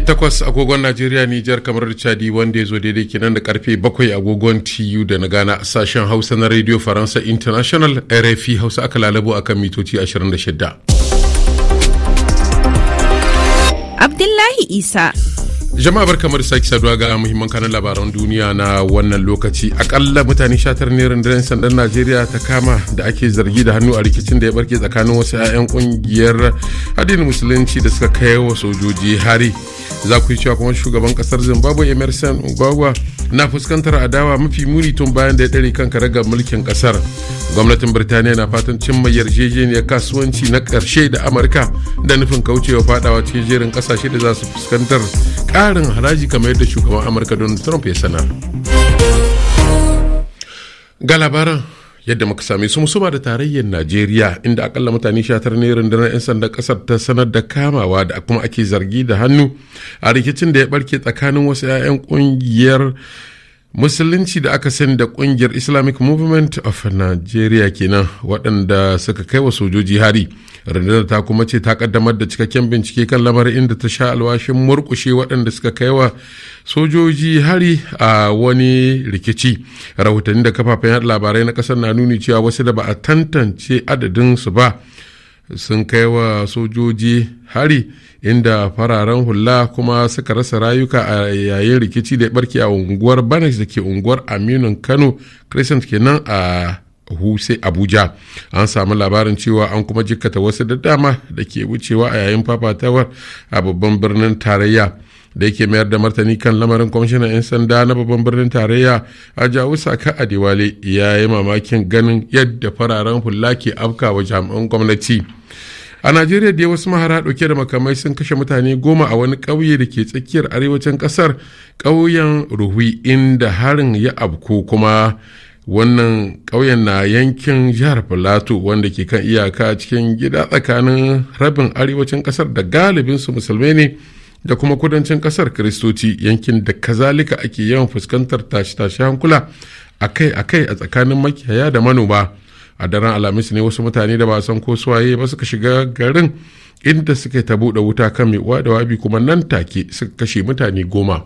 karfe 8 agogon Najeriya Nijar kamar Chadi wanda ya zo daidai kenan da karfe bakwai agogon TU da na Ghana sashen Hausa na Radio Faransa International RFI Hausa aka lalabo akan mitoci da 26. Abdullahi Isa jama'a bar kamar sake saduwa ga muhimman kanan labaran duniya na wannan lokaci akalla mutane 19 ne rundunar sandan najeriya ta kama da ake zargi da hannu a rikicin da ya barke tsakanin wasu 'ya'yan kungiyar addinin musulunci da suka kai wa sojoji hari za ku yi cewa kuma shugaban kasar zimbabwe emerson ugagwa na fuskantar adawa mafi muni tun bayan da ya ɗare kan karagar mulkin kasar gwamnatin birtaniya na fatan cimma yarjejeniyar kasuwanci na ƙarshe da amurka da nufin kaucewa fadawa cikin jerin ƙasashe da za su fuskantar karin haraji kamar yadda shugaban amurka donald trump ya sanar ga labaran yadda muka same su musuma da tarayyar najeriya inda akalla mutane shatar ne rundunar 'yan sandan kasar ta sanar da kamawa da kuma ake zargi da hannu a rikicin da ya barke tsakanin wasu 'ya'yan kungiyar musulunci da aka sani da kungiyar islamic movement of nigeria kenan waɗanda suka kai wa sojoji hari rundunar ta kuma ce ta kaddamar da cikakken bincike kan lamarin inda ta sha alwashin murkushe waɗanda suka kai wa sojoji hari a wani rikici rahotanni da kafafen yaɗa labarai na ƙasar na nuni cewa wasu da ba a tantance adadin su ba sun kai wa sojoji hari inda fararen hula kuma suka rasa rayuka a yayin rikici da barke a unguwar banex da ke unguwar aminun kano crescent kenan a huse abuja an samu labarin cewa an kuma jikkata wasu da dama da ke wucewa a yayin fafatawar a babban birnin tarayya da yake mayar da martani kan lamarin kwamishinan 'yan sanda na babban birnin tarayya a jawusa ka Diwali, ya yi mamakin ganin yadda fararen hula ke wa jami'an gwamnati a najeriya da wasu mahara dauke da makamai sun kashe mutane goma a wani ƙauye da ke tsakiyar arewacin ƙasar ƙauyen ruhui inda harin ya abko kuma wannan ƙauyen na yankin jihar plateau wanda ke kan iyaka cikin gida tsakanin rabin arewacin ƙasar da galibinsu musulmai ne da kuma kudancin kasar kristoci yankin da kazalika ake yawan fuskantar tashe tashi hankula akai-akai a tsakanin makiyaya da manoma a daren alhamis ne wasu mutane da ba san ko suwaye ba suka shiga garin inda suka ta buɗe wuta kan mai da wabi kuma nan take suka kashe mutane goma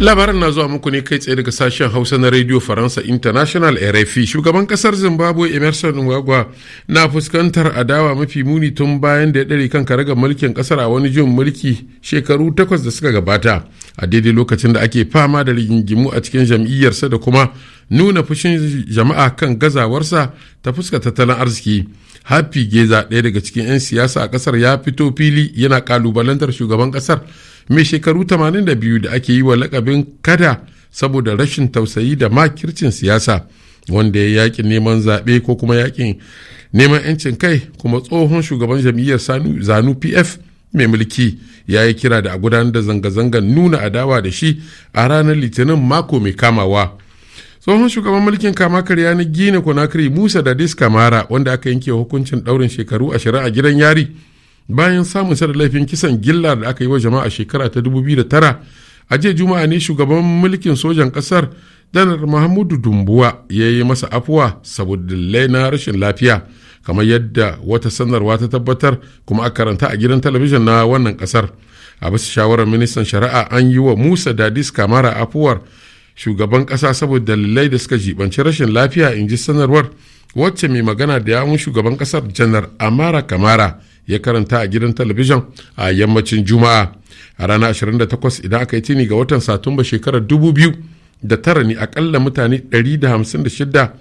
labarin na zuwa muku ne kai tsaye daga sashen hausa na radio faransa international rfi shugaban kasar zimbabwe emerson Mnangagwa na fuskantar adawa mafi muni tun bayan da ya ɗare kan karaga mulkin kasar a wani jin mulki shekaru takwas da suka gabata a daidai lokacin da ake fama da rigingimu a cikin jam'iyyarsa da kuma nuna fushin jama'a kan gazawarsa ta fuska tattalin arziki hafi geza ɗaya daga cikin 'yan siyasa a ƙasar ya fito fili yana ƙalubalantar shugaban ƙasar mai shekaru 82 da ake yi wa lakabin kada saboda rashin tausayi da makircin siyasa wanda ya yakin neman zaɓe ko kuma yakin neman 'yancin kai kuma tsohon shugaban jam'iyyar zanu pf mai mulki ya yi kira da a gudanar da zanga-zangar nuna adawa da shi a ranar litinin mako mai kamawa tsohon shugaban mulkin kama karya na gine konakiri musa da kamara wanda aka yanke hukuncin daurin shekaru ashirin a gidan yari bayan samun da laifin kisan gilla da aka yi wa jama'a shekara ta 2009 a jiya juma'a ne shugaban mulkin sojan kasar danar muhammadu dumbuwa ya yi masa afuwa saboda na rashin lafiya kamar yadda wata sanarwa ta tabbatar kuma a karanta a gidan talabijin na wannan kasar a bisa shawarar ministan shari'a an yi wa musa dadis kamara afuwar shugaban kasa saboda dalilai da suka jibanci rashin lafiya in ji sanarwar wacce mai magana da yawun shugaban kasar janar amara kamara ya karanta a gidan talabijin a yammacin juma'a a ranar 28 idan aka yi tuni ga watan satumba shekarar 2009 da tara ne akalla mutane 156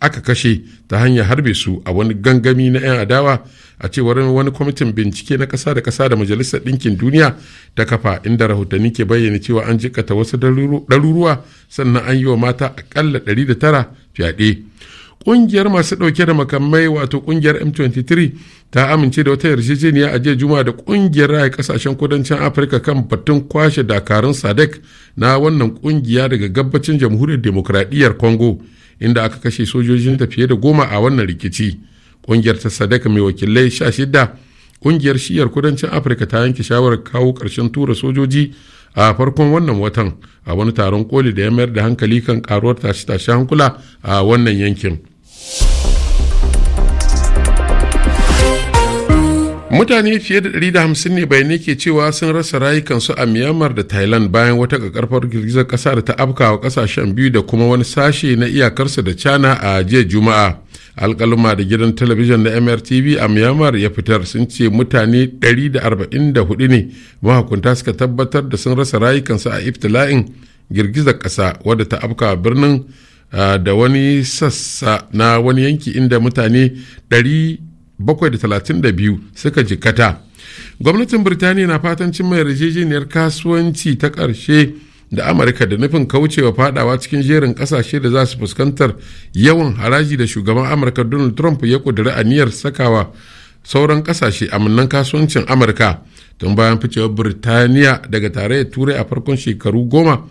aka kashe ta hanyar harbe su a wani gangami na 'yan adawa a cewar wani kwamitin bincike na kasa da kasa da majalisar ɗinkin duniya ta kafa inda rahotanni ke bayyana cewa an jikata wasu ɗaruruwa sannan an yi wa mata aƙalla 109 fyaɗe ƙungiyar masu ɗauke da makamai wato ƙungiyar m23 ta amince da wata yarjejeniya a jiya juma da ƙungiyar raya ƙasashen kudancin afirka kan batun kwashe dakarun sadek na wannan ƙungiya daga gabacin jamhuriyar demokradiyyar congo inda aka kashe sojojin ta fiye da goma a wannan rikici ƙungiyar ta sadaka mai wakilai sha shida ƙungiyar shiyar kudancin afirka ta yanke shawarar kawo karshen tura sojoji a farkon wannan watan a wani taron koli da ya mayar da hankali kan karuwar tashe-tashe hankula a wannan yankin. mutane fiye da 150 ne bayanai ke cewa sun rasa rayukansu a myanmar da thailand bayan wata kakarfar girgizar kasa da ta afkawa kasashen biyu da kuma wani sashe na iyakarsa da china a jiya juma'a alkaluma da gidan talabijin na mrtv a myanmar ya fitar sun ce mutane 144 ne mahukunta suka tabbatar da sun rasa rayukansu a iftila'in girgizar kasa wadda ta afkawa birnin ah, da wani sassa na wani yanki inda mutane 100 732 suka jikkata gwamnatin birtaniya na fatan cimma yarjejeniyar kasuwanci ta karshe da amurka da nufin kaucewa fadawa cikin jerin kasashe da za su fuskantar yawan haraji da shugaban amurka donald trump ya a aniyar sakawa sauran kasashe aminan kasuwancin amurka tun bayan ficewar birtaniya daga tarayyar turai a farkon shekaru goma